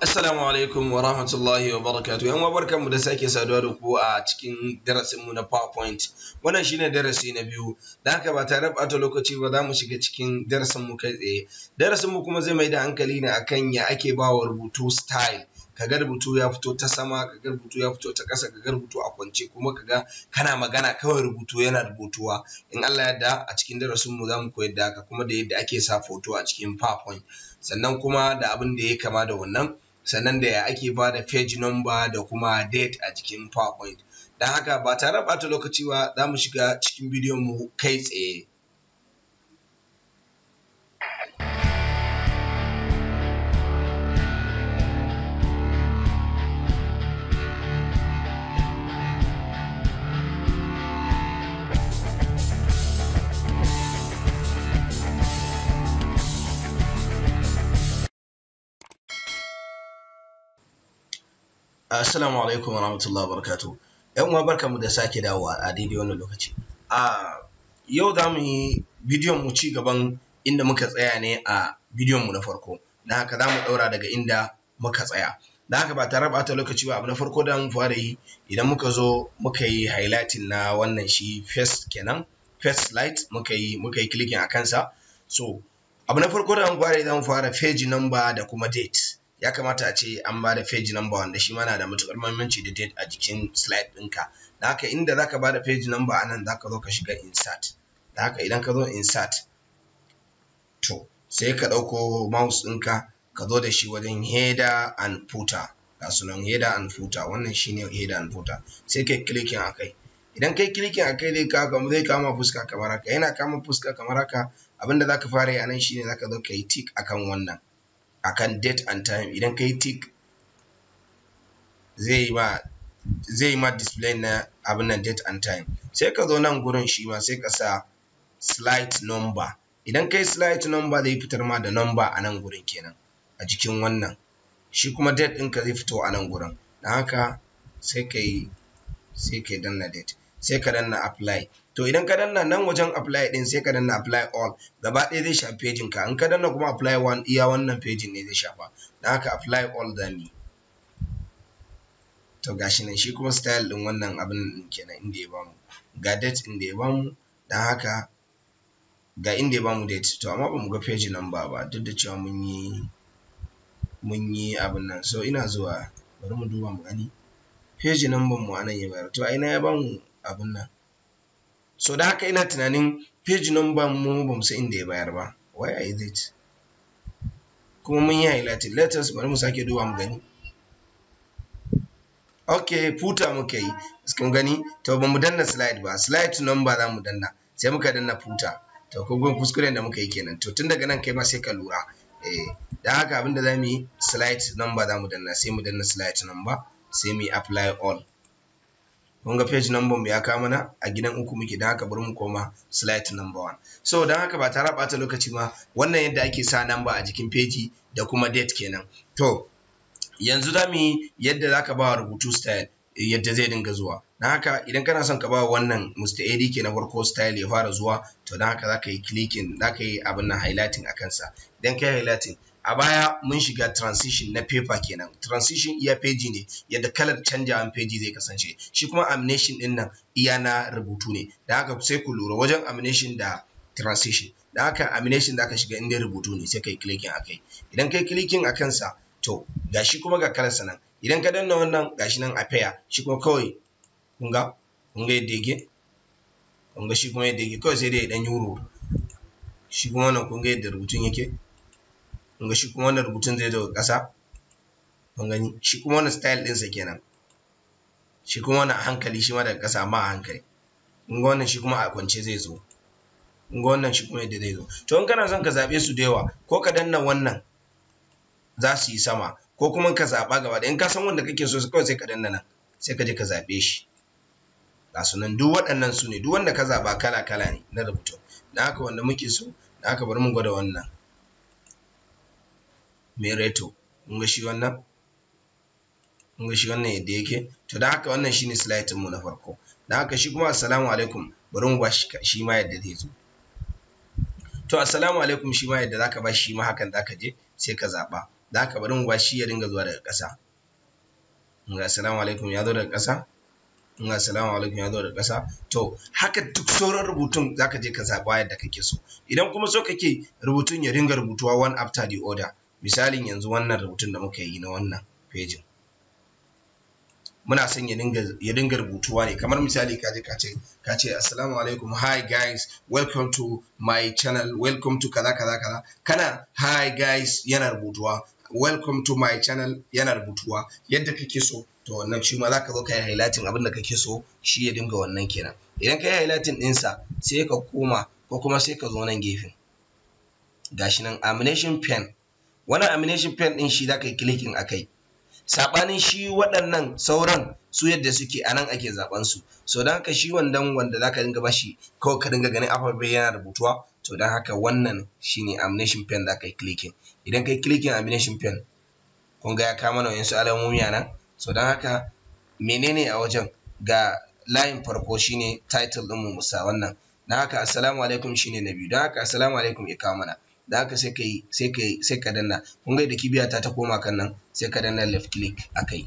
Assalamu alaikum wa rahmatullahi wa barakatu. Yan wa barkanmu da sake saduwa da ku a cikin darasinmu na PowerPoint. Wannan shine darasi na biyu. Da haka ba tare ɓata lokaci ba za mu shiga cikin darasinmu kai tsaye. Darasinmu kuma zai mai da hankali ne a kan ya ake ba wa rubutu style. kaga rubutu ya fito ta sama kaga rubutu ya fito ta ƙasa kaga rubutu a kwance kuma kaga kana magana kawai rubutu yana rubutuwa in Allah yadda a cikin darasin mu zamu koyar da haka kuma da yadda ake sa foto a cikin PowerPoint sannan kuma da abin da ya kama da wannan sannan da ya ake ba da page number da kuma date a jikin powerpoint don haka ba tare da ɓata lokaci ba za mu shiga cikin bidiyon mu kai tsaye Assalamu alaikum wa rahmatullahi wa barakatuhu. ‘Yan uwa barkanmu da sake dawowa a daidai wannan lokaci. A yau za mu yi bidiyon mu ci gaban inda muka tsaya ne a bidiyon mu na farko. Da haka za mu ɗaura daga inda muka tsaya. Da haka ba tare ta lokaci ba abu na farko da mu fara yi idan muka zo muka yi highlighting na wannan shi first kenan first light muka yi muka yi clicking a kansa. So abu na farko da mu fara za mu fara page number da kuma date. ya kamata a ce an ba da page number wanda shi mana da matukar muhimmanci da date a jikin slide ɗinka da haka inda zaka ba da page number a nan zaka zo ka shiga insert da haka idan ka zo insert to sai ka ɗauko mouse ɗinka ka zo da shi wajen header and footer ga sunan header and footer wannan shine header and footer sai kai clicking akai idan kai clicking akai zai kama zai kama fuska kamar haka yana kama fuska kamar haka abinda zaka fara yi a nan shine zaka zo kai tick akan wannan akan date and time idan ka yi tick zai ma display na abin date and time sai ka zo nan gurin shi ma sai ka sa slide number idan ka yi slide number zai fitar ma da number a nan gurin kenan a jikin wannan shi kuma date ɗinka zai fito a nan gurin don haka sai ka yi sai ka yi danna date sai ka danna apply to idan ka danna nan wajen apply din sai ka danna apply all gaba ɗaya zai shafi pejin ka in ka danna kuma apply one iya wannan pejin ne zai shafa dan haka apply all da ni to gashi nan shi kuma style din wannan abin kenan inda ya bamu ga date inda ya bamu dan haka ga inda ya bamu date to amma bamu ga page number ba duk da cewa mun yi mun yi abin nan so ina zuwa bari mu duba mu gani page number mu anan ya bayar to a ina ya bamu abin nan so da haka ina tunanin page number mu ba mu san inda ya bayar ba why i did kuma mun yi highlighting letters bari mu sake duba mu gani ok puta muka yi kun gani to ba mu danna slide ba slide number za mu danna sai muka danna puta to kogon kuskuren da muka yi kenan to tun daga nan kai ma sai ka lura eh da haka abinda za mu yi slide number za mu danna sai mu danna slide number sai mu yi apply all Mun ga page number ya kama na. a gidan uku muke don haka bari mu koma slide number one so don haka ba tare bata lokaci ma wannan yadda ake sa number a jikin page da kuma date kenan to yanzu za mu yi yadda za ka ba rubutu style yadda zai dinga zuwa don haka idan kana son ka ba wannan Mr. ke na farko style ya fara zuwa to don haka zaka yi clicking zaka yi abin nan highlighting a kansa idan ka yi highlighting a baya mun shiga transition na paper kenan transition iya peji ne yadda kalar canjawan peji zai kasance shi kuma amination din nan iya na rubutu ne da haka sai ku lura wajen amination da transition da haka amination da aka shiga inda rubutu ne sai kai clicking akai idan kai clicking a kansa to gashi kuma ga kalarsa nan idan ka danna wannan gashi nan a paya shi kuma kawai kun ga kun ga yadda yake kun ga shi kuma yadda yake kawai sai dai dan yi wuro shi kuma wannan kun ga yadda rubutun yake kun shi kuma wannan rubutun zai zo ƙasa kun gani shi kuma wannan style ɗinsa kenan shi kuma wannan a hankali shi ma daga ƙasa amma a hankali kun ga wannan shi kuma a kwance zai zo kun ga wannan shi kuma yadda zai zo to in kana son ka zaɓe su da yawa ko ka danna wannan za su yi sama ko kuma ka zaɓa gaba da in ka san wanda kake so kawai sai ka danna nan sai ka je ka zaɓe shi ga su nan duk waɗannan su ne duk wanda ka zaɓa kala kala ne na rubutu Na haka wanda muke so Na haka bari mu gwada wannan mereto kun ga shi wannan kun shi wannan yadda yake to da haka wannan shine slide mu na farko da haka shi kuma assalamu alaikum bari mu ba shi ma yadda zai zo to assalamu alaikum shi ma yadda zaka ba shi ma hakan zaka je sai ka zaba da haka bari mu ba shi ya dinga zuwa daga ƙasa kun assalamu alaikum ya zo daga kasa in assalamu alaikum ya zo da ƙasa to haka duk sauran rubutun zaka je ka zaɓa yadda kake so idan kuma so kake rubutun ya ringa rubutuwa one after the other misalin yanzu wannan rubutun da muka yi na wannan fejin muna son ya dinga rubutuwa ne kamar misali ka je ka ce assalamu alaikum hi guys welcome to my channel welcome to kaza kaza kaza kana hi guys yana rubutuwa welcome to my channel yana rubutuwa yadda kake so to wannan shi ma za ka zo ka yi highlighting abin da kake so shi ya dinga wannan kenan idan ka yi highlighting ɗinsa sai ka koma ko kuma sai ka zo nan gefen gashi nan amination pen wannan amination pen din shi zaka yi clicking akai sabanin shi waɗannan sauran su yadda suke anan ake zaben su so dan haka shi wandan wanda zaka dinga bashi kawai ka dinga ganin alphabet yana rubutuwa to dan haka wannan shine amination pen zaka yi clicking idan kai clicking amination pen kun ga ya kama na wayansu alamomi anan so dan haka menene a wajen ga layin farko shine title din mu musa wannan dan haka assalamu alaikum shine na biyu dan haka assalamu alaikum ya kama mana da aka sai ka sai ka yi sai ka danna kun ga da kibiya ta ta koma kan nan sai ka danna left click akai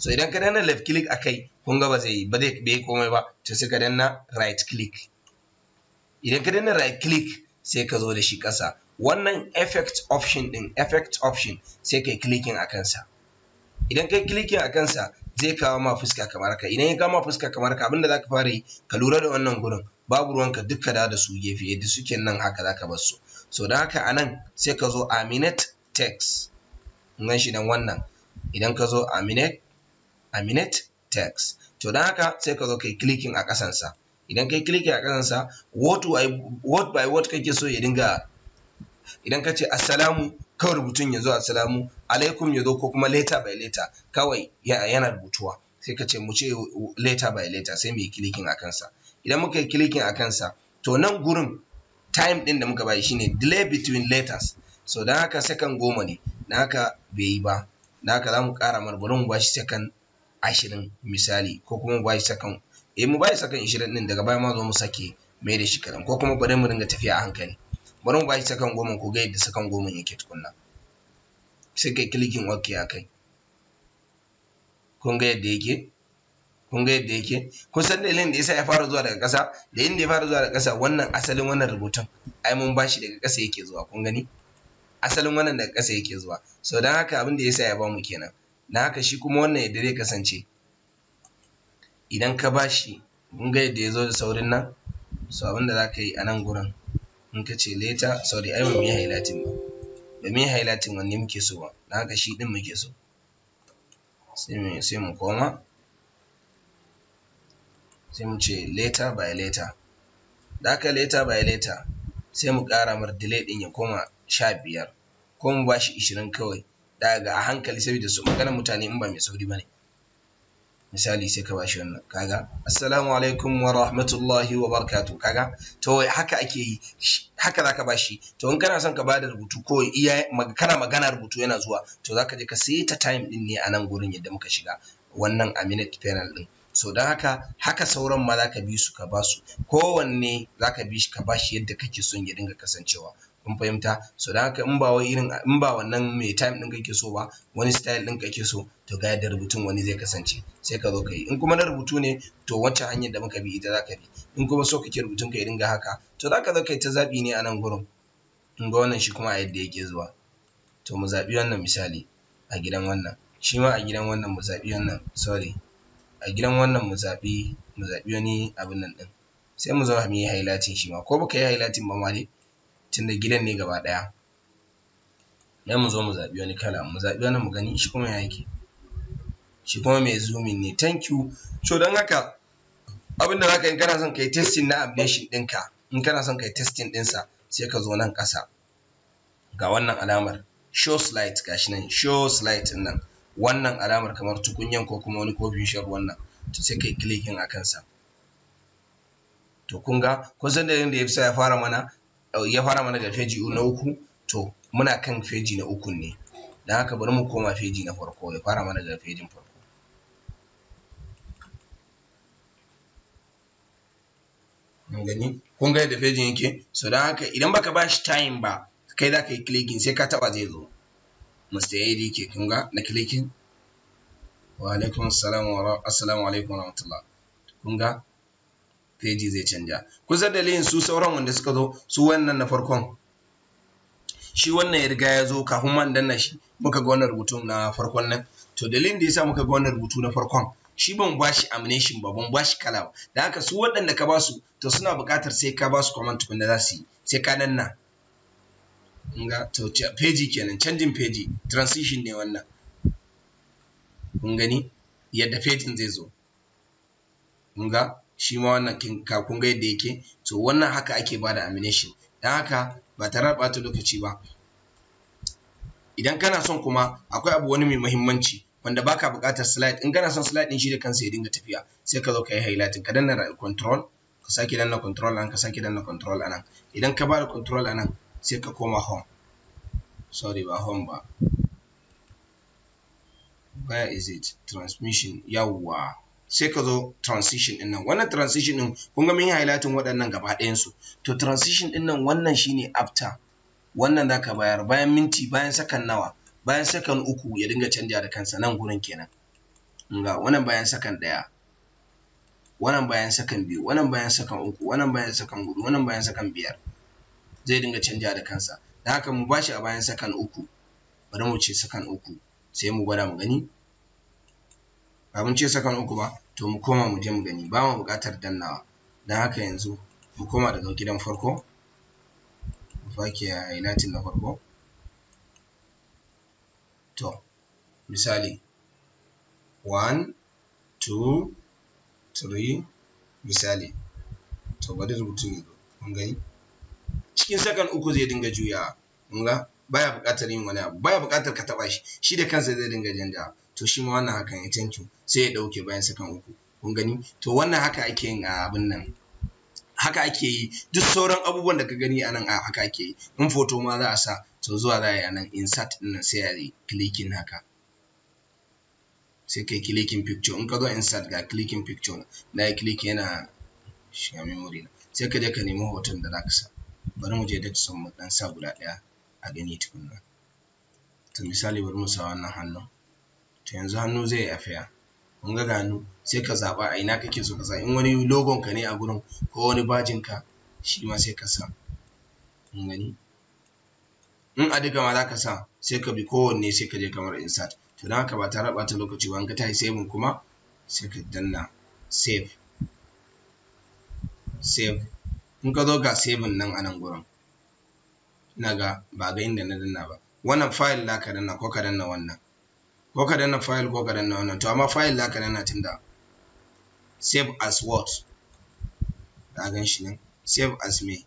so idan ka danna left click akai kun ga ba zai yi ba zai bai komai ba to sai ka danna right click idan ka danna right click sai ka zo da shi ƙasa wannan effect option din effect option sai kai clicking a kansa idan kai clicking a kansa zai kawo ma fuska kamar ka. idan ya kawo ma fuska kamar ka, abinda zaka fara yi ka lura da wannan gurin babu ruwanka duka da su gefe yadda suke nan haka zaka bar su so don haka a nan, sai ka zo aminet text in shi nan wannan idan ka zo aminet aminet text to don haka sai ka zo kai clicking a kasansa idan kai clicking a kasansa word by word kake so ya dinga idan ka ce assalamu kawai rubutun ya zo assalamu alaikum ya zo ko kuma later by later kawai yana rubutuwa sai ka ce mu ce later by later sai mu yi clicking a kansa idan muka yi clicking a kansa to nan gurin time din da muka bayi shine delay between letters so don haka second goma ne na haka bai yi ba na haka za mu ƙara mar bari mu bashi second ashirin misali ko kuma mu bashi second eh mu bashi second ashirin din daga baya ma zo mu sake mai da shi kaɗan ko kuma bari mu dinga tafiya a hankali bari mu bashi second goma ko ga yadda second goma yake tukunna sai kai clicking ok a kai kun ga yadda yake kun ga yadda yake kun san dalilin da yasa ya fara zuwa daga ƙasa da inda ya fara zuwa daga ƙasa wannan asalin wannan rubutun ai mun bashi daga ƙasa yake zuwa kun gani asalin wannan daga ƙasa yake zuwa so don haka abin da yasa ya bamu kenan dan haka shi kuma wannan yadda zai kasance idan ka bashi kun ga yadda ya zo da saurin nan so abin da za ka yi a nan gurin in ka ce leta sorry ai ba mu yi highlighting ba ba mu yi highlighting wanne muke so ba dan haka shi din muke so sai mu koma sai mu ce later by later da aka later by later sai mu kara mar delay ɗin ya koma sha biyar ko mu ba shi ishirin kawai daga a hankali saboda su maganar mutane in ba mai sauri ba ne misali sai ka ba shi wannan kaga assalamu alaikum wa rahmatullahi wa barakatuh kaga to haka ake yi haka zaka ba shi to in kana son ka bada rubutu ko iya kana magana rubutu yana zuwa to zaka je ka ta time din ne a nan gurin yadda muka shiga wannan a minute panel din sau don haka haka sauran ma za ka bi su ka ba su kowanne ka bi shi ka ba shi yadda kake son ya dinga kasancewa kun fahimta so don haka in ba wannan mai time ɗin kake so ba wani style ɗin kake so to ga yadda rubutun wani zai kasance sai ka zo ka yi in kuma na rubutu ne to wacce hanyar da muka bi ita za ka bi in kuma so kake rubutun ka ya dinga haka to za ka zo ka yi ta zaɓi ne a nan gurin in ga wannan shi kuma a yadda yake zuwa to mu zaɓi wannan misali a gidan wannan shi ma a gidan wannan mu zaɓi wannan sorry a gidan wannan mu zaɓi mu zaɓi wani abin nan ɗin sai mu zauna mu yi highlighting shi ma ko baka yi highlighting ba ma dai tunda gidan ne gaba ɗaya sai mu zo mu zaɓi wani kala mu zaɓi wani mu gani shi kuma ya yake shi kuma mai zooming ne thank you so don haka abin da zaka yi kana son kai testing na abnation ɗinka in kana son kai testing ɗinsa sai ka zo nan ƙasa ga wannan alamar show slide gashi nan show slide nan wannan alamar kamar tukunyan ko kuma wani kofin shan ruwan nan to sai kai clicking a kansa to kun ga ko san da yanda ya sa ya fara mana ya fara mana da feji na uku to muna kan feji na uku ne don haka bari mu koma feji na farko ya fara mana da fejin farko gani kun ga yadda fejin yake so dan haka idan baka bashi time ba kai za ka yi clicking sai ka taba zai zo مستعيدي كي كونغا نكليكين وعليكم السلام ورا السلام عليكم ورحمة الله كونغا feji zai canja kusa dalilin su sauran wanda suka zo su wannan na farkon shi wannan ya riga ya zo kafin man danna shi muka ga wannan rubutu na farkon nan to dalilin da yasa muka ga wannan rubutu na farkon shi ban bashi amination ba ban bashi kala da haka su waɗanda ka basu to suna buƙatar sai ka basu comment tukunna za su yi sai ka danna nga to peji kenan canjin peji transition ne wannan. Kun gani yadda pejin zai zo. nga shi ma wannan kin ka kun ga yadda yake to wannan haka ake bada amination. Dan haka ba tare da ta lokaci ba. Idan kana son kuma akwai abu wani mai muhimmanci wanda baka buƙatar slide in kana son slide din shi da kansa ya dinga tafiya sai ka zo ka yi highlighting ka danna control ka sake danna control anan ka sake danna control anan idan ka bada control anan sai ka koma home sorry ba home ba where is it transmission yawwa sai ka zo transition din nan wannan transition din kun ga mun yi highlighting waɗannan gaba ɗayan su to transition din nan wannan shine after wannan zaka bayar bayan minti bayan sakan nawa bayan sakan uku ya dinga canja da kansa nan gurin kenan ga wannan bayan sakan ɗaya wannan bayan sakan biyu wannan bayan sakan uku wannan bayan sakan hudu wannan bayan sakan biyar zai dinga canja da kansa da haka mu bashi a bayan sakan uku bari mu ce sakan uku sai mu gwada mu gani ba mun ce sakan uku ba to mu koma mu je mu gani ba mu buƙatar dannawa don haka yanzu mu koma daga gidan farko mu fake a highlighting na farko to misali 1 2 3 misali to bari ne ko mun gani cikin sakan uku zai dinga juya ba baya buƙatar yin wani abu baya buƙatar ka taɓa shi shi da kansa zai dinga janja to shi ma wannan hakan ya eh, tantu sai ya ɗauke bayan sakan uku kun gani to wannan haka ake yin a ah, abin nan haka ake yi duk sauran abubuwan da ka gani a nan a ah, haka ake yi in foto ma za a sa to zuwa za a yi a nan insert ɗin nan sai a yi clicking haka sai kai clicking picture in ka zo insert ga clicking picture na yi click yana shiga memory sai ka je ka nemi hoton da za ka sa bari mu je su mu dan sa guda ɗaya a gani tukunna to misali bari mu sa wannan hannu to yanzu hannu zai yi afiya mun ga hannu sai ka zaɓa a ina kake so ka sa in wani logon ka ne a gurin ko wani bajin ka shi ma sai ka sa mun gani in a duka ma za ka sa sai ka bi kowanne sai ka je kamar insert to don haka ba ta raba ta lokaci ba in ka tashi saving kuma sai ka danna save save in ka zo ga saving nan a nan gurin ina ga ba ga inda na danna ba wannan file da ka danna ko ka danna wannan ko ka danna file ko ka danna wannan to amma file da ka danna tun da. save as what ka gan shi nan save as me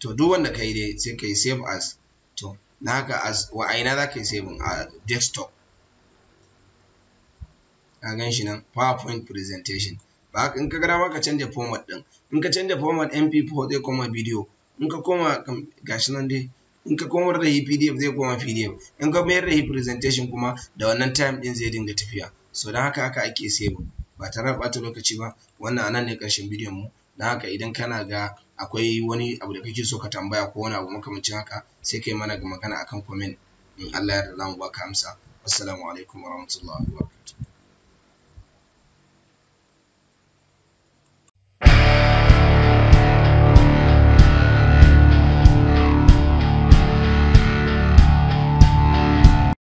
to duk wanda ka yi dai sai ka yi save as to na ga as wa aina za ka yi saving a desktop ka gan shi nan powerpoint presentation ba in ka gara maka ka canja format din in ka canja format mp4 zai koma video in ka koma gashi nan dai in ka komar da shi pdf zai koma pdf in ka mayar da shi presentation kuma da wannan time din zai dinga tafiya so don haka haka ake saving ba tare da bata lokaci ba wannan anan ne karshen bidiyon mu don haka idan kana ga akwai wani abu da kake so ka tambaya ko wani abu makamancin haka sai kai mana ga magana akan comment in Allah ya yarda za mu baka amsa assalamu alaikum warahmatullahi wabarakatuh